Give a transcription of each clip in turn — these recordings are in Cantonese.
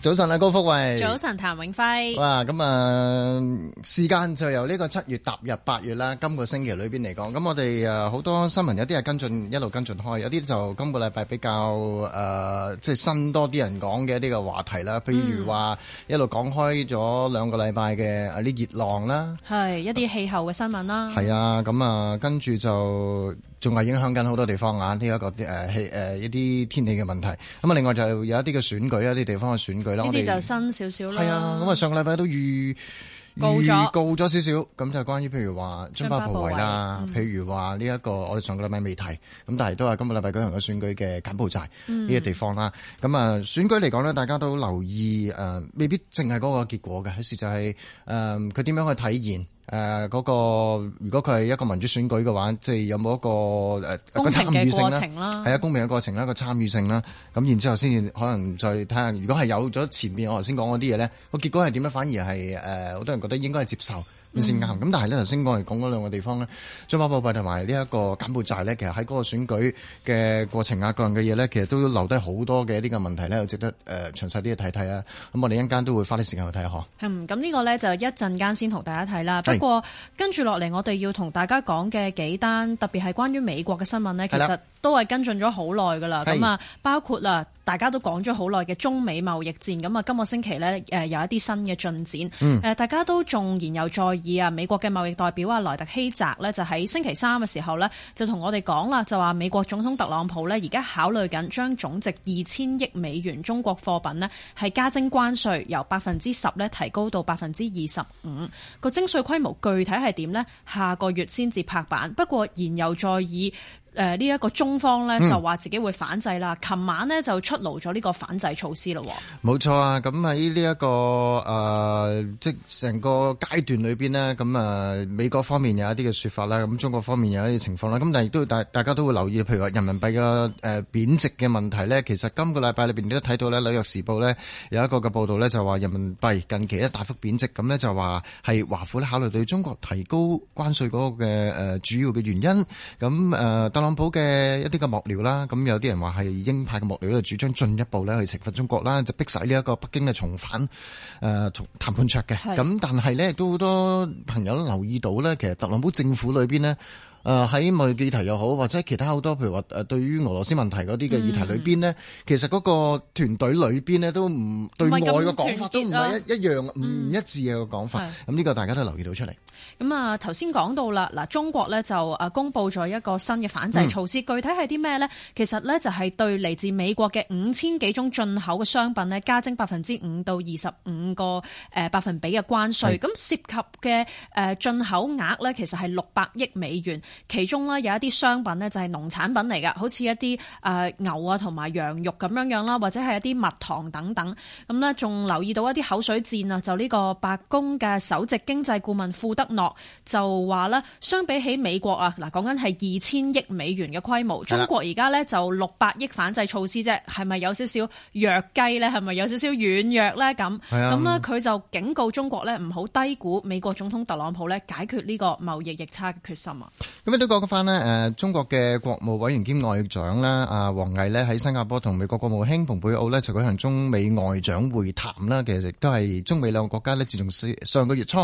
早晨啊，高福偉。早晨，譚永輝。哇，咁、嗯、啊，時間就由呢個七月踏入八月啦。今個星期裏邊嚟講，咁我哋啊好多新聞，有啲係跟進，一路跟進開，有啲就今個禮拜比較誒，即、呃、係新多啲人講嘅呢個話題啦。譬如話、嗯、一路講開咗兩個禮拜嘅啊啲熱浪啦，係一啲氣候嘅新聞啦。係、嗯、啊，咁、嗯、啊，跟住就。仲係影響緊好多地方啊！呢一個啲一啲天氣嘅問題。咁啊，另外就有一啲嘅選舉，一啲地方嘅選舉啦。我哋就新少少啦。係啊，咁啊，上個禮拜都預告，預告咗少少，咁就關於譬如話津巴布韋啦，譬、嗯、如話呢一個我哋上個禮拜未提，咁但係都係今個禮拜舉行嘅選舉嘅柬埔寨呢個地方啦。咁、嗯、啊，選舉嚟講呢，大家都留意、呃、未必淨係嗰個結果嘅，事就係誒佢點樣去體現。誒嗰個，如果佢係一個民主選舉嘅話，即係有冇一個誒一個參與性啦，係啊，公平嘅過程啦、呃，一個參與性啦，咁然之後先至可能再睇下，如果係有咗前面我頭先講嗰啲嘢咧，個結果係點咧？反而係誒，呃，好多人覺得應該係接受。先啱咁，但係呢頭先我哋講嗰兩個地方呢，咧、嗯，津巴布韋同埋呢一個柬埔寨呢，其實喺嗰個選舉嘅過程啊，各樣嘅嘢呢，其實都留低好多嘅呢個問題呢，又值得誒詳細啲去睇睇啊。咁我哋一間都會花啲時間去睇下。嗬，嗯，咁呢個呢就一陣間先同大家睇啦。不過跟住落嚟，我哋要同大家講嘅幾單特別係關於美國嘅新聞呢，其實都係跟進咗好耐噶啦。咁啊，包括啦。大家都講咗好耐嘅中美貿易戰，咁啊，今個星期呢有一啲新嘅進展。嗯。大家都仲然又在意啊，美國嘅貿易代表啊，萊特希澤呢，就喺星期三嘅時候呢，就同我哋講啦，就話美國總統特朗普呢，而家考慮緊將總值二千億美元中國貨品呢，係加徵關稅，由百分之十呢提高到百分之二十五。個徵稅規模具體係點呢？下個月先至拍板。不過，然又在意。誒呢一個中方咧就話自己會反制啦，琴、嗯、晚呢，就出爐咗呢個反制措施咯。冇錯啊，咁喺呢一個誒，即、呃、成個階段裏邊呢，咁啊美國方面有一啲嘅說法啦，咁中國方面有一啲情況啦，咁但係亦都大大家都會留意，譬如話人民幣嘅誒貶值嘅問題呢。其實今個禮拜裏面都睇到咧《紐約時報》呢有一個嘅報導呢，就話人民幣近期一大幅貶值，咁呢，就話係華府考慮對中國提高關稅嗰個嘅主要嘅原因，咁、呃、誒。特朗普嘅一啲嘅幕僚啦，咁有啲人話係鷹派嘅幕僚咧，主張進一步咧去懲罰中國啦，就逼使呢一個北京嘅重返誒談判桌嘅。咁但係咧，都好多朋友都留意到咧，其實特朗普政府裏邊咧。誒喺外議題又好，或者其他好多譬如話誒對於俄羅斯問題嗰啲嘅議題裏邊呢，其實嗰個團隊裏邊呢，都唔、啊、對外嘅講法都唔係一一樣，唔、嗯、一致嘅講法。咁、嗯、呢個大家都留意到出嚟。咁啊頭先講到啦，嗱中國呢就誒公佈咗一個新嘅反制措施，嗯、具體係啲咩呢？其實呢，就係對嚟自美國嘅五千幾種進口嘅商品呢，加徵百分之五到二十五個誒百分比嘅關稅。咁涉及嘅誒進口額呢，其實係六百億美元。其中呢有一啲商品呢就係農產品嚟㗎，好似一啲誒牛啊同埋羊肉咁樣樣啦，或者係一啲蜜糖等等咁呢，仲留意到一啲口水戰啊，就呢個白宮嘅首席經濟顧問庫德諾就話呢，相比起美國啊嗱，講緊係二千億美元嘅規模，中國而家呢，就六百億反制措施啫，係咪有少少弱雞呢？係咪有少少軟弱呢？咁咁呢，佢就警告中國呢，唔好低估美國總統特朗普呢解決呢個貿易逆差嘅決心啊！咁都講翻呢，中國嘅國務委員兼外長啦阿王毅呢，喺新加坡同美國國務卿蓬佩奧呢，就舉行中美外長會談啦。其實亦都係中美兩個國家呢，自從上個月初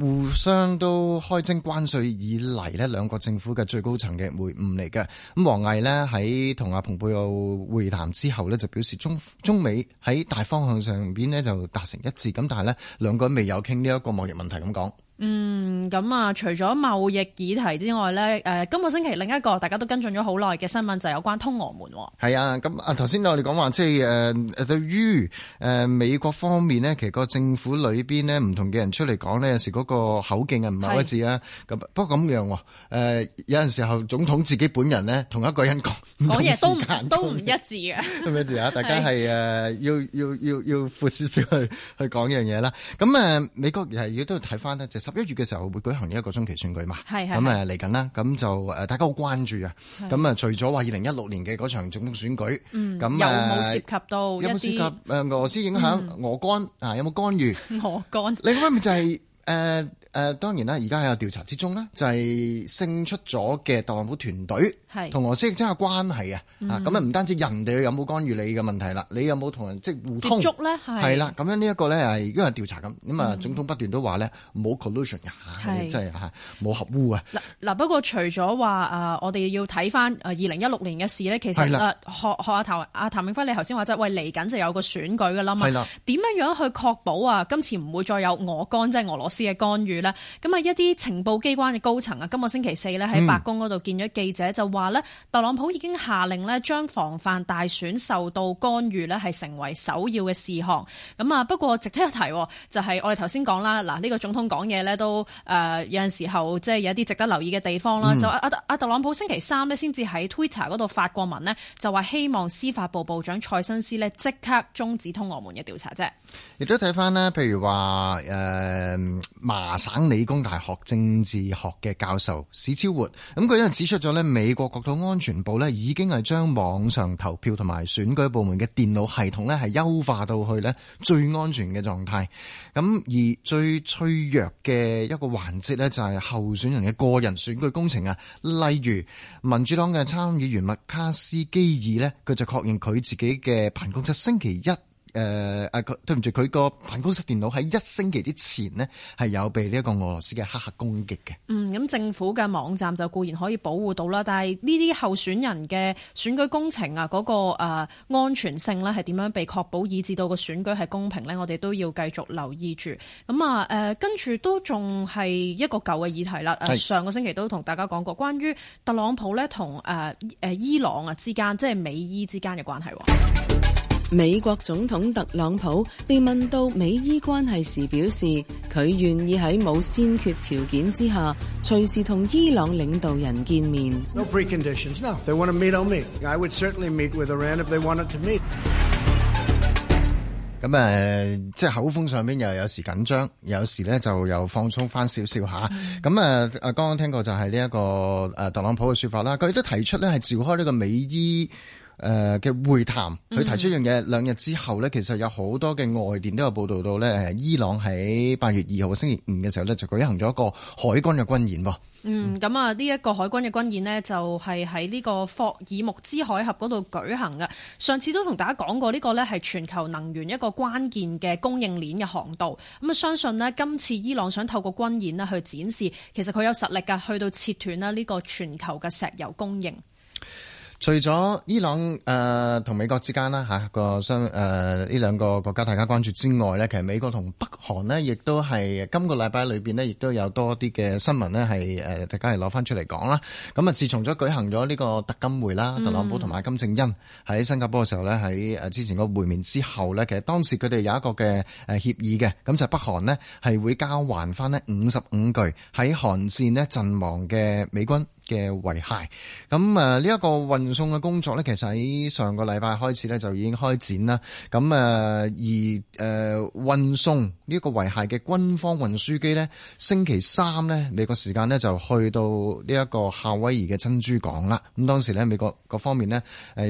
互相都開徵關稅以嚟呢，兩國政府嘅最高層嘅會晤嚟嘅。咁王毅呢，喺同阿蓬佩奧會談之後呢，就表示中中美喺大方向上邊呢，就達成一致，咁但係呢，兩個人未有傾呢一個貿易問題咁講。嗯，咁啊，除咗貿易議題之外咧，誒、呃，今個星期另一個大家都跟進咗好耐嘅新聞就是有關通俄門。係啊，咁啊，頭先我哋講話即係誒，對於誒美國方面咧，其實個政府裏邊咧，唔同嘅人出嚟講咧，有時嗰個口徑啊唔係一致啊。咁不過咁樣，誒，有陣時候總統自己本人咧，同一個人講，講嘢都唔都唔一致嘅。唔一致啊！大家係誒，要要要要闊少少去去講樣嘢啦。咁誒、啊、美國而家要都要睇翻咧，十一月嘅時候會舉行一個中期選舉嘛，咁嚟緊啦，咁就大家好關注係係啊，咁啊除咗話二零一六年嘅嗰場總統選舉，咁、嗯啊、有冇涉及到冇涉及俄羅斯影響俄、嗯、肝？啊？有冇干預俄肝？你嗰個咪就係、係、誒？ 呃誒、呃、當然啦，而家喺個調查之中呢，就係、是、勝出咗嘅特朗普團隊，同俄羅斯有冇關係啊？啊咁啊，唔、嗯、單止人哋有冇干預你嘅問題啦，你有冇同人即係互通咧？係係啦，咁樣呢一個呢，係如果係調查咁，咁啊總統不斷都話呢，冇 collusion 啊，即係冇合污啊！嗱不過除咗話啊，我哋要睇翻二零一六年嘅事呢，其實誒、啊、學學阿、啊、譚阿譚永輝你頭先話就係喂嚟緊就有個選舉噶啦嘛，點樣樣去確保啊今次唔會再有俄干，即、就、係、是、俄羅斯嘅干預？咁啊，一啲情報機關嘅高層啊，今個星期四咧喺白宮嗰度見咗記者，就話咧，特朗普已經下令咧，將防範大選受到干預咧，係成為首要嘅事項，咁啊，不過值得一提，就係、是、我哋頭先講啦，嗱，呢個總統講嘢咧都誒有陣時候即係有啲值得留意嘅地方啦、嗯。就阿阿特朗普星期三咧先至喺 Twitter 嗰度發過文咧，就話希望司法部部長蔡新斯咧即刻終止通俄門嘅調查啫。亦都睇翻咧，譬如話誒，呃省理工大學政治學嘅教授史超活，咁佢因為指出咗咧，美國國土安全部咧已經係將網上投票同埋選舉部門嘅電腦系統咧係優化到去咧最安全嘅狀態，咁而最脆弱嘅一個環節咧就係候選人嘅個人選舉工程啊。例如民主黨嘅參議員麥卡斯基爾咧，佢就確認佢自己嘅辦公室星期一。誒、呃、啊！對唔住，佢個辦公室電腦喺一星期之前呢，係有被呢一個俄羅斯嘅黑客攻擊嘅。嗯，咁政府嘅網站就固然可以保護到啦，但係呢啲候選人嘅選舉工程啊，嗰、那個、呃、安全性呢，係點樣被確保，以致到個選舉係公平呢？我哋都要繼續留意住。咁啊誒，跟住都仲係一個舊嘅議題啦。上個星期都同大家講過關於特朗普呢，同誒誒伊朗啊之間，即係美伊之間嘅關係。美國總統特朗普被問到美伊關係時，表示佢願意喺冇先決條件之下，隨時同伊朗領導人見面。No preconditions. No. They want to meet or meet. I would certainly meet with Iran if they wanted to meet. 咁誒，即係口風上邊又有時緊張，有時咧就又放鬆翻少少吓。咁啊，啊剛剛聽過就係呢一個誒特朗普嘅說法啦。佢亦都提出咧係召開呢個美伊。誒、呃、嘅會談，佢提出一樣嘢，兩日之後呢、嗯，其實有好多嘅外電都有報道到呢。伊朗喺八月二號星期五嘅時候呢，就舉行咗一個海軍嘅軍演。嗯、咁、嗯、啊、呢、這、一個海軍嘅軍演呢，就係喺呢個霍爾木茲海峽嗰度舉行嘅。上次都同大家講過，呢個呢係全球能源一個關鍵嘅供應鏈嘅航道。咁、嗯、啊，相信呢，今次伊朗想透過軍演呢去展示，其實佢有實力噶，去到切斷啦呢個全球嘅石油供應。除咗伊朗誒、同，呃，美國之間啦，嚇個相誒，呢兩個國家大家關注之外呢，其實美國同北韓呢，亦都係今個禮拜裏面呢，亦都有多啲嘅新聞呢係，呃，大家係攞翻出嚟講啦。咁啊，自從咗舉行咗呢個特金會啦，特朗普同埋金正恩喺新加坡嘅時候呢，喺之前個會面之後呢，其實當時佢哋有一個嘅誒協議嘅，咁就係北韓呢係會交還翻呢五十五具喺韓戰呢陣亡嘅美軍。嘅遺骸。咁啊呢一、這個運送嘅工作呢，其實喺上個禮拜開始呢，就已經開展啦。咁啊而誒、啊、運送呢一個遺骸嘅軍方運輸機呢，星期三呢，美國時間呢，就去到呢一個夏威夷嘅珍珠港啦。咁當時呢，美國各方面呢，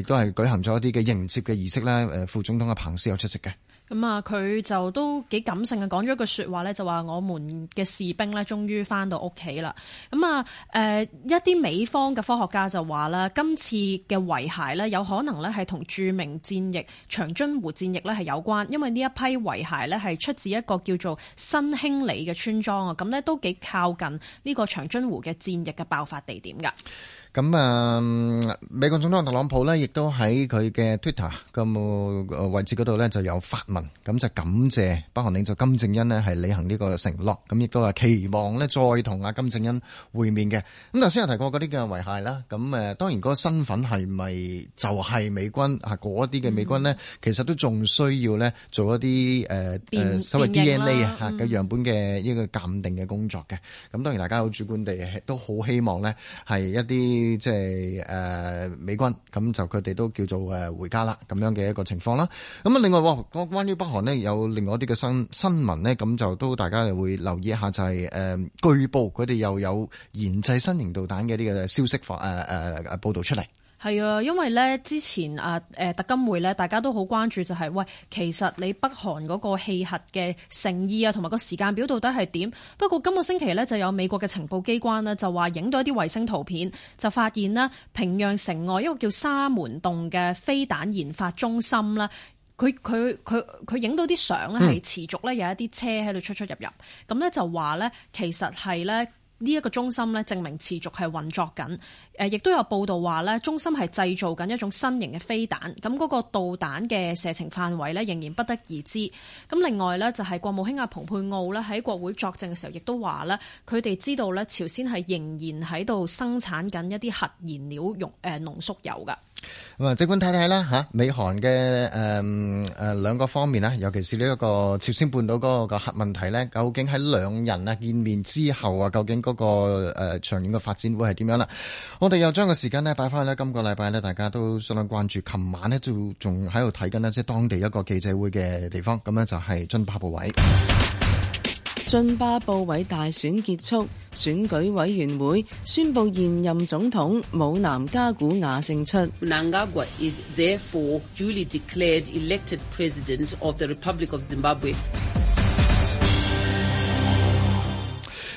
都係舉行咗一啲嘅迎接嘅儀式啦。副總統嘅彭斯有出席嘅。咁、嗯、啊，佢就都幾感性嘅講咗一句說話咧，就話我們嘅士兵咧，終於翻到屋企啦。咁、呃、啊，誒一啲美方嘅科學家就話啦，今次嘅遺骸咧，有可能咧係同著名戰役長津湖戰役咧係有關，因為呢一批遺骸咧係出自一個叫做新興里嘅村莊啊。咁咧都幾靠近呢個長津湖嘅戰役嘅爆發地點噶。咁啊、嗯，美國總統特朗普咧，亦都喺佢嘅 Twitter 咁位置嗰度咧，就有發。咁就感謝北韓領袖金正恩咧，係履行呢個承諾，咁亦都係期望咧再同阿金正恩會面嘅。咁頭先有提過嗰啲嘅遺骸啦，咁誒當然嗰個身份係咪就係美軍啊？嗰啲嘅美軍咧，其實都仲需要咧做一啲誒誒所謂 DNA 啊嘅樣本嘅呢個鑑定嘅工作嘅。咁當然大家好主觀地都好希望咧係一啲即係誒美軍，咁就佢哋都叫做誒回家啦咁樣嘅一個情況啦。咁啊另外我我。關於北韓呢，有另外一啲嘅新新聞呢，咁就都大家會留意一下，就係、是、誒，據、呃、報佢哋又有研製新型導彈嘅呢個消息，誒誒誒，報道出嚟。係啊，因為呢之前啊誒、呃、特金會呢，大家都好關注、就是，就係喂，其實你北韓嗰個棄核嘅誠意啊，同埋個時間表到底係點？不過今個星期呢，就有美國嘅情報機關呢，就話影到一啲衛星圖片，就發現呢平壤城外一個叫沙門洞嘅飛彈研發中心啦。佢佢佢佢影到啲相咧，係持續咧有一啲車喺度出出入入，咁咧就話咧其實係咧。呢、這、一個中心呢，證明持續係運作緊。誒，亦都有報道話呢，中心係製造緊一種新型嘅飛彈。咁、那、嗰個導彈嘅射程範圍呢，仍然不得而知。咁另外呢，就係國務卿阿蓬佩奧呢，喺國會作證嘅時候，亦都話呢，佢哋知道呢，朝鮮係仍然喺度生產緊一啲核燃料用誒濃縮鈾㗎。咁啊，儘管睇睇啦吓，美韓嘅誒誒兩個方面啦，尤其是呢一個朝鮮半島嗰個核問題呢，究竟喺兩人啊見面之後啊，究竟、那個那個誒、呃、長遠嘅發展會係點樣啦？我哋又將個時間呢擺翻去呢，今個禮拜呢，大家都相當關注。琴晚呢就仲喺度睇緊呢，即係當地一個記者會嘅地方。咁呢，就係津巴布韋，津巴布韋大選結束，選舉委員會宣布現任總統姆南加古瓦勝出。南加國 is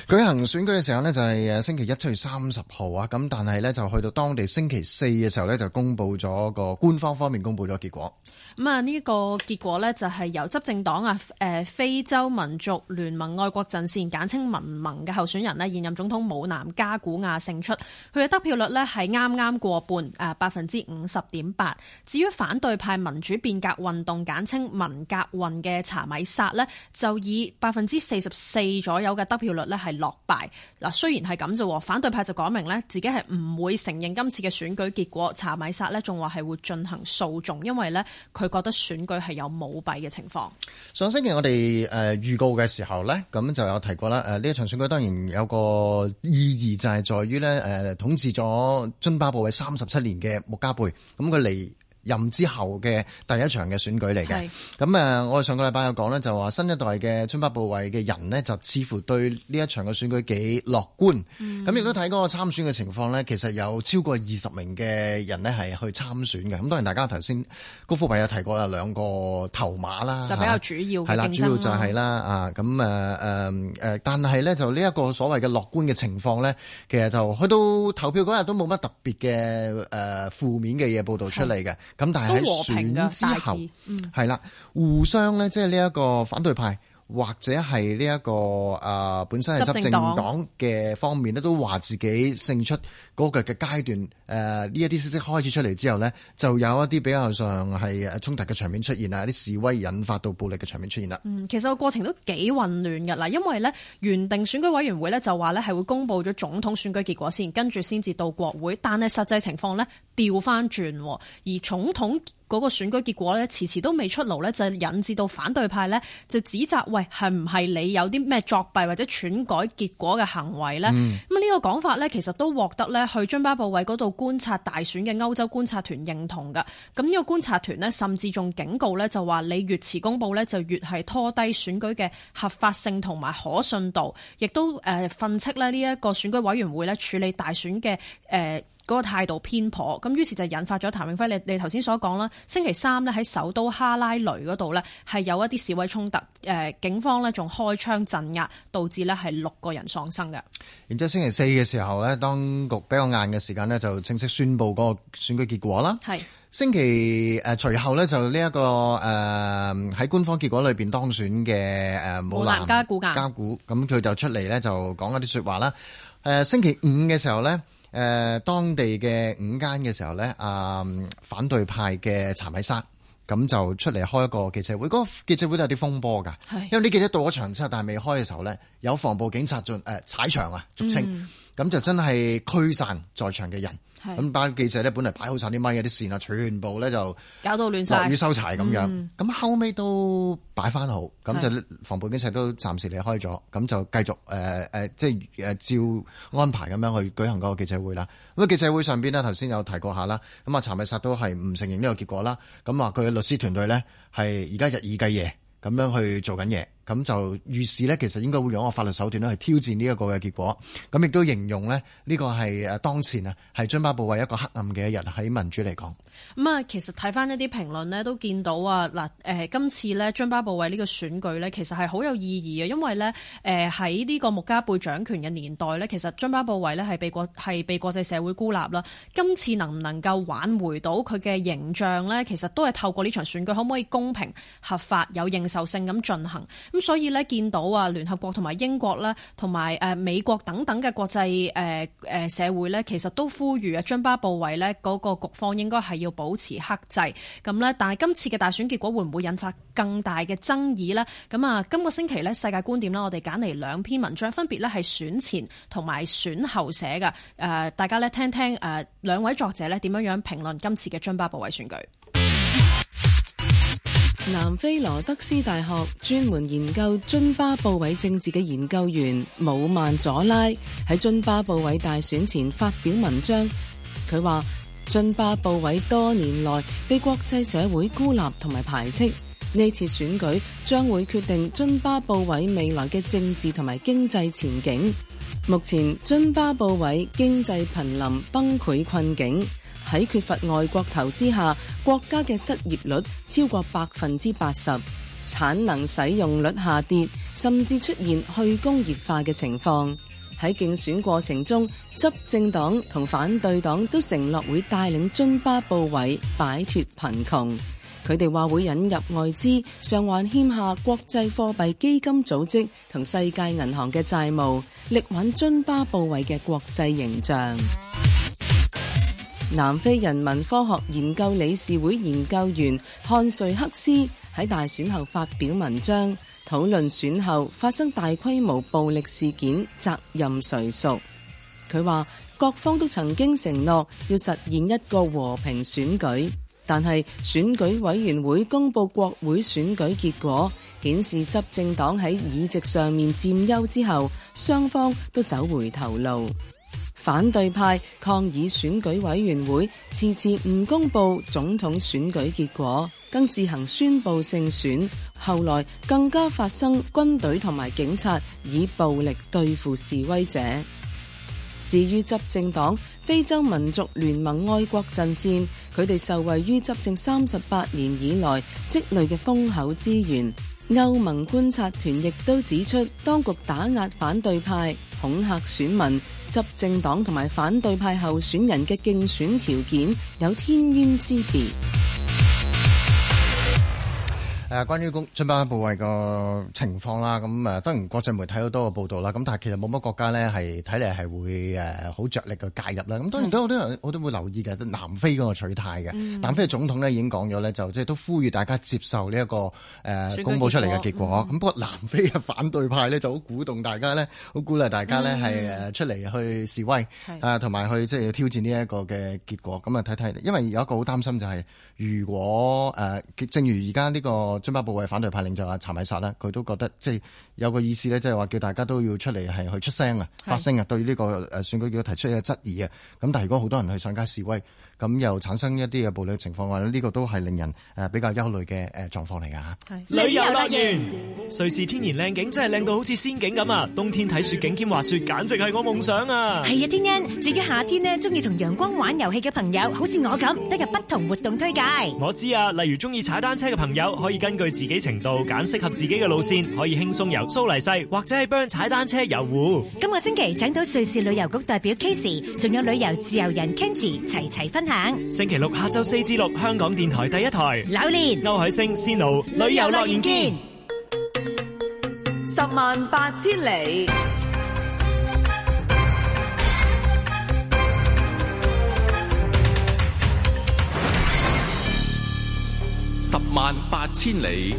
舉行選舉嘅時候呢，就係、是、誒星期一七月三十號啊，咁但係呢，就去到當地星期四嘅時候呢，就公布咗個官方方面公布咗結果。咁啊呢個結果呢，就係由執政黨啊誒非洲民族聯盟愛國陣線簡稱民盟嘅候選人呢，現任總統姆南加古瓦勝出，佢嘅得票率呢，係啱啱過半啊，百分之五十點八。至於反對派民主變革運動簡稱民革運嘅查米薩呢，就以百分之四十四左右嘅得票率呢，係。落敗嗱，雖然係咁啫，反對派就講明咧自己係唔會承認今次嘅選舉結果。查米薩咧，仲話係會進行訴訟，因為咧佢覺得選舉係有舞弊嘅情況。上星期我哋誒預告嘅時候呢，咁就有提過啦。誒，呢一場選舉當然有個意義，就係在於咧，誒，統治咗津巴布韋三十七年嘅穆加貝，咁佢嚟任之後嘅第一場嘅選舉嚟嘅，咁啊，我哋上個禮拜有講咧，就話新一代嘅津巴布韋嘅人呢，就似乎對呢一場嘅選舉幾樂觀。咁亦都睇嗰個參選嘅情況呢，其實有超過二十名嘅人呢係去參選嘅。咁當然大家頭先高富委有提過啦，兩個頭馬啦，就比較主要嘅競爭啦。主要就係、是、啦，啊，咁啊，嗯、但係咧，就呢一個所謂嘅樂觀嘅情況呢，其實就去到投票嗰日都冇乜特別嘅誒、啊、負面嘅嘢報導出嚟嘅。咁但係喺選之後，係啦，嗯，互相咧，即係呢一個反對派。或者係呢一個啊、呃，本身係執政黨嘅方面呢，都話自己勝出嗰個嘅階段。誒、呃，呢一啲消息開始出嚟之後呢就有一啲比較上係衝突嘅場面出現啦，啲示威引發到暴力嘅場面出現啦。嗯，其實個過程都幾混亂㗎喇，因為呢原定選舉委員會呢就話呢係會公佈咗總統選舉結果先，跟住先至到國會，但係實際情況呢，調翻轉，而總統。嗰、那個選舉結果咧遲遲都未出爐呢，就引致到反對派呢，就指責喂，係唔係你有啲咩作弊或者篡改結果嘅行為呢？嗯，咁、這、呢個講法呢，其實都獲得呢去津巴布韋嗰度觀察大選嘅歐洲觀察團認同㗎。咁呢個觀察團呢，甚至仲警告呢，就話你越遲公佈呢，就越係拖低選舉嘅合法性同埋可信度，亦都誒訓、呃、斥呢一個選舉委員會呢處理大選嘅誒。呃嗰個態度偏頗，咁於是就引發咗譚永輝，你你頭先所講啦，星期三呢喺首都哈拉雷嗰度呢，係有一啲示威衝突，誒警方呢仲開槍鎮壓，導致呢係六個人喪生嘅。然之後星期四嘅時候呢，當局比較晏嘅時間呢，就正式宣布嗰個選舉結果啦。星期誒，隨後呢，就呢、這、一個誒喺、呃、官方結果裏面當選嘅誒，姆南加古瓦、姆南加古瓦，咁佢就出嚟呢，就講一啲說話啦。誒星期五嘅時候呢。誒、呃、當地嘅午間嘅時候咧，啊、呃，反對派嘅查米沙，咁就出嚟開一個記者會、嗰個記者會有啲風波㗎，是因為呢記者到咗場之後，但係未開嘅時候咧，有防暴警察進誒、呃、踩場啊，俗稱咁、嗯、就真係驅散在場嘅人。咁班記者咧，本嚟擺好曬啲咪、啲線啊，全部咧就搞到亂曬，落雨收柴咁樣。咁後屘都擺翻好，咁就防暴警察都暫時離開咗，咁就繼續誒誒，即係誒照安排咁樣去舉行個記者會啦。咁啊，記者會上邊咧，頭先有提過下啦。咁啊，查米薩都係唔承認呢個結果啦。咁啊，佢嘅律師團隊咧係而家日以繼夜咁樣去做緊嘢。咁就預示呢，其實應該會用一個法律手段咧，去挑戰呢一個嘅結果。咁亦都形容呢，呢個係誒當前啊，係津巴布韋一個黑暗嘅一日喺民主嚟講，咁啊，其實睇翻一啲評論呢，都見到啊，嗱誒，今次呢，津巴布韋呢個選舉呢，其實係好有意義嘅，因為呢誒，喺呢個穆加貝掌權嘅年代呢，其實津巴布韋呢，係被國係被國際社會孤立啦。今次能唔能夠挽回到佢嘅形象呢？其實都係透過呢場選舉，可唔可以公平、合法、有認受性咁進行？咁所以咧，見到啊，聯合國同埋英國啦，同埋誒美國等等嘅國際誒社會呢，其實都呼籲啊，津巴布韋呢嗰個局方應該係要保持克制。咁呢，但係今次嘅大選結果會唔會引發更大嘅爭議呢？咁啊，今個星期呢，世界觀點啦，我哋揀嚟兩篇文章，分別呢係選前同埋選後寫㗎。誒，大家呢，聽聽誒，兩位作者呢點樣樣評論今次嘅津巴布韋選舉。南非羅德斯大學專門研究津巴布韋政治嘅研究員姆萬左拉喺津巴布韋大選前發表文章，佢話津巴布韋多年來被國際社會孤立同埋排斥，呢次選舉將會決定津巴布韋未來嘅政治同埋經濟前景。目前津巴布韋經濟瀕臨崩潰困境。喺缺乏外國投資下，國家嘅失業率超過百分之八十，產能使用率下跌，甚至出現去工業化嘅情況。喺競選過程中，執政黨同反對黨都承諾會帶領津巴布韋擺脫貧窮。佢哋話會引入外資，償還欠下國際貨幣基金組織同世界銀行嘅債務，力挽津巴布韋嘅國際形象。南非人文科學研究理事會研究員漢瑞克斯喺大選後發表文章，討論選後發生大規模暴力事件責任誰屬。佢話各方都曾經承諾要實現一個和平選舉，但係選舉委員會公布國會選舉結果，顯示執政黨喺議席上面佔優之後，雙方都走回頭路。反對派抗議選舉委員會遲遲唔公布總統選舉結果，更自行宣布勝選。後來更加發生軍隊同埋警察以暴力對付示威者。至於執政黨非洲民族聯盟愛國陣線，佢哋受惠於執政三十八年以來積累嘅豐厚資源。歐盟觀察團亦都指出，當局打壓反對派、恐嚇選民、執政黨同埋反對派候選人嘅競選條件有天淵之別。係關關於公津巴布韋個情況啦，咁誒當然國際媒體好多個報道啦，咁但係其實冇乜國家咧係睇嚟係會誒好着力嘅介入啦。咁當然都有好多人我都會留意嘅，南非嗰個取態嘅。南非嘅總統呢已經講咗咧，就即係都呼籲大家接受呢一個誒公佈出嚟嘅結果。咁、嗯、不過南非嘅反對派咧就好鼓動大家咧，好鼓勵大家咧係出嚟去示威啊，同埋去即係要挑戰呢一個嘅結果。咁啊睇睇，因為有一個好擔心就係、是、如果誒、呃，正如而家呢個。津巴布韋反對派領袖阿查米薩咧，佢都覺得即係有個意思咧，即係話叫大家都要出嚟係去出聲啊、發聲啊，對呢個誒選舉結果提出嘅質疑啊。咁但係如果好多人去上街示威。咁又產生一啲嘅暴力情況，話咧呢個都係令人誒比較憂慮嘅誒狀況嚟㗎嚇。旅遊樂園，瑞士天然靚景真係靚到好似仙境咁啊！冬天睇雪景兼滑雪，簡直係我夢想啊！係啊，天恩，自己夏天咧，中意同陽光玩遊戲嘅朋友，好似我咁，得入不同活動推介。我知啊，例如中意踩單車嘅朋友，可以根據自己程度揀適合自己嘅路線，可以輕鬆遊蘇黎世或者喺 Bern 踩單車遊湖。今個星期請到瑞士旅遊局代表 Case，仲有旅遊自由人 Kenji，齊齊分。星期六下晝四至六，香港電台第一台。柳年，歐海星、仙奴，旅遊樂園見。十萬八千里，十萬八千里，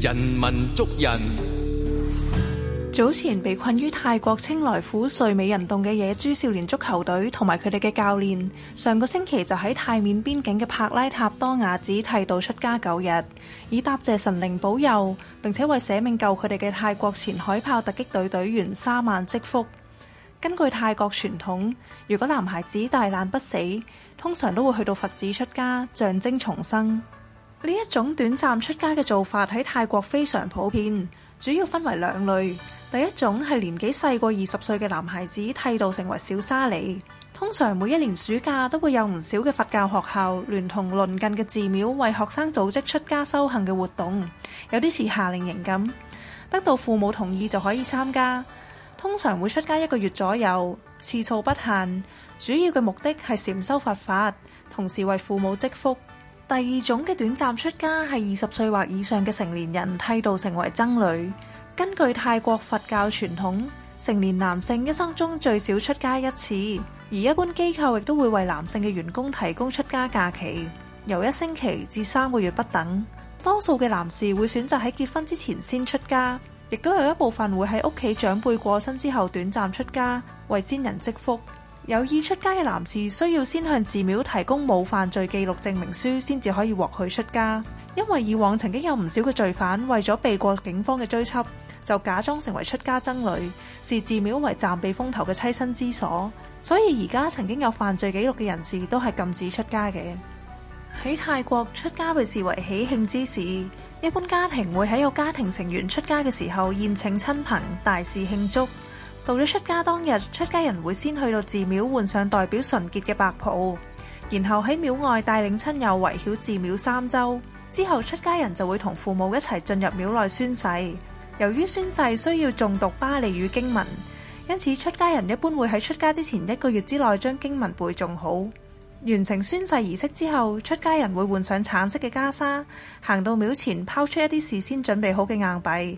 人文足印。早前被困於泰國清萊府睡美人洞嘅野豬少年足球隊同埋佢哋嘅教練，上個星期就喺泰緬邊境嘅帕拉塔多雅寺剃度出家九日，以答謝神靈保佑，並且為捨命救佢哋嘅泰國前海豹突擊隊隊員沙曼積福。根據泰國傳統，如果男孩子大難不死，通常都會去到佛寺出家，象徵重生。呢一種短暫出家嘅做法喺泰國非常普遍，主要分為兩類。第一種係年紀細過二十歲嘅男孩子，剃度成為小沙彌。通常每一年暑假都會有唔少嘅佛教學校，聯同鄰近嘅寺廟，為學生組織出家修行嘅活動，有啲似夏令營咁。得到父母同意就可以參加。通常會出家一個月左右，次數不限。主要嘅目的係禪修佛法，同時為父母積福。第二種嘅短暫出家係二十歲或以上嘅成年人，剃度成為僧侶。根據泰國佛教傳統，成年男性一生中最少出家一次，而一般機構亦都會為男性嘅員工提供出家假期，由一星期至三個月不等。多數嘅男士會選擇喺結婚之前先出家，亦都有一部分會喺屋企長輩過身之後短暫出家，為先人積福。有意出家嘅男士需要先向寺廟提供冇犯罪記錄證明書，先至可以獲許出家。因為以往曾經有唔少嘅罪犯為咗避過警方嘅追緝，就假裝成為出家僧侶，視寺廟為暫避風頭嘅棲身之所。所以而家曾經有犯罪記錄嘅人士都係禁止出家嘅。喺泰國出家被視為喜慶之事，一般家庭會喺有家庭成員出家嘅時候宴請親朋，大肆慶祝。到咗出家當日，出家人會先去到寺廟換上代表純潔嘅白袍，然後喺廟外帶領親友圍繞寺廟三周。之後出家人就會同父母一齊進入廟內宣誓。由於宣誓需要誦讀巴利語經文，因此出家人一般會喺出家之前一個月之內將經文背誦好。完成宣誓儀式之後，出家人會換上橙色嘅袈裟，行到廟前拋出一啲事先準備好嘅硬幣。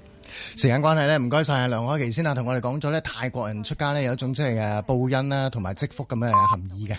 時間關係咧，唔該晒阿梁凱琪先啦，同我哋講咗咧泰國人出家咧有一種即係誒報恩啦，同埋積福咁嘅含義嘅。